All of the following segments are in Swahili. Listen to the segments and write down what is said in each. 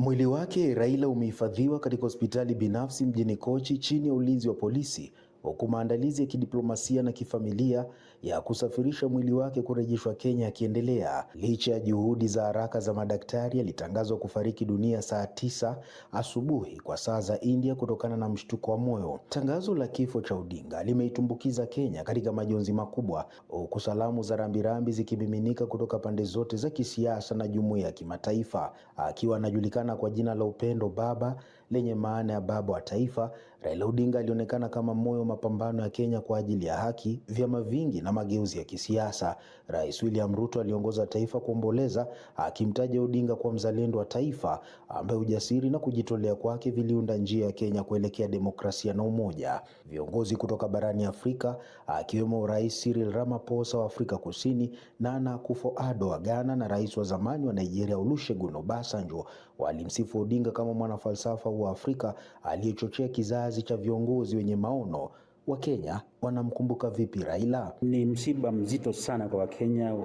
Mwili wake Raila umehifadhiwa katika hospitali binafsi mjini Kochi chini ya ulinzi wa polisi huku maandalizi ya kidiplomasia na kifamilia ya kusafirisha mwili wake kurejeshwa Kenya yakiendelea licha ya juhudi za haraka za madaktari. Alitangazwa kufariki dunia saa tisa asubuhi kwa saa za India kutokana na mshtuko wa moyo. Tangazo la kifo cha Odinga limeitumbukiza Kenya katika majonzi makubwa, huku salamu za rambirambi zikimiminika kutoka pande zote za kisiasa na jumuiya ya kimataifa. Akiwa anajulikana kwa jina la upendo Baba lenye maana ya baba wa taifa, Raila Odinga alionekana kama moyo wa mapambano ya Kenya kwa ajili ya haki, vyama vingi na mageuzi ya kisiasa. Rais William Ruto aliongoza taifa kuomboleza, akimtaja Odinga kwa mzalendo wa taifa ambaye ujasiri na kujitolea kwake viliunda njia ya Kenya kuelekea demokrasia na umoja. Viongozi kutoka barani Afrika akiwemo Rais Cyril Ramaphosa wa Afrika Kusini, Nana Akufo-Addo wa Ghana na rais wa zamani wa Nigeria Olusegun Obasanjo walimsifu Odinga kama mwanafalsafa wa Afrika aliyechochea kizazi kizazi cha viongozi wenye maono Wakenya wanamkumbuka vipi Raila? Ni msiba mzito sana kwa Wakenya.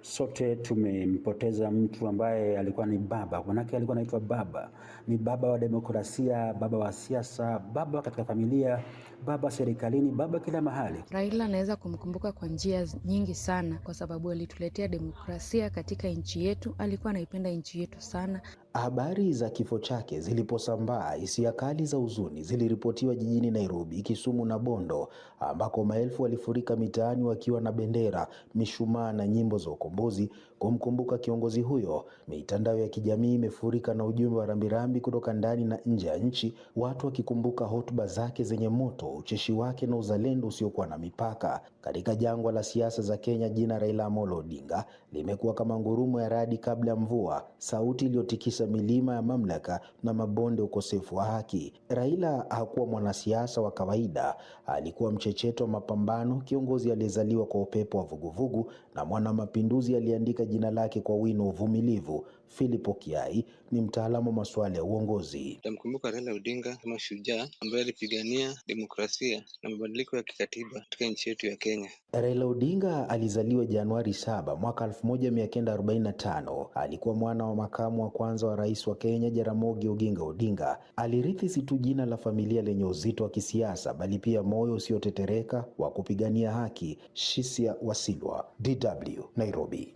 Sote tumempoteza mtu ambaye alikuwa ni baba, manake alikuwa anaitwa baba, ni baba wa demokrasia, baba wa siasa, baba katika familia, baba serikalini, baba kila mahali. Raila anaweza kumkumbuka kwa njia nyingi sana, kwa sababu alituletea demokrasia katika nchi yetu, alikuwa anaipenda nchi yetu sana. Habari za kifo chake ziliposambaa, hisia kali za huzuni ziliripotiwa jijini Nairobi, Kisumu na Bondo, ambako maelfu walifurika mitaani wakiwa na bendera, mishumaa na nyimbo za ukombozi kumkumbuka kiongozi huyo. Mitandao ya kijamii imefurika na ujumbe wa rambirambi kutoka ndani na nje ya nchi, watu wakikumbuka hotuba zake zenye moto, ucheshi wake na uzalendo usiokuwa na mipaka. Katika jangwa la siasa za Kenya, jina Raila Amolo Odinga limekuwa kama ngurumo ya radi kabla ya mvua, sauti iliyotikisa kabisa milima ya mamlaka na mabonde ukosefu wa haki. Raila hakuwa mwanasiasa wa kawaida, alikuwa mchecheto wa mapambano, kiongozi aliyezaliwa kwa upepo wa vuguvugu na mwana mapinduzi aliandika jina lake kwa wino uvumilivu. Philip Okiai ni mtaalamu wa masuala ya uongozi. Tamkumbuka Raila Odinga kama shujaa ambaye alipigania demokrasia na mabadiliko ya kikatiba katika nchi yetu ya Kenya. Raila Odinga alizaliwa Januari 7 mwaka 1945. Alikuwa mwana wa makamu wa kwanza wa rais wa Kenya Jaramogi Oginga Odinga alirithi si tu jina la familia lenye uzito wa kisiasa bali pia moyo usiotetereka wa kupigania haki. Shisia Wasilwa, DW, Nairobi.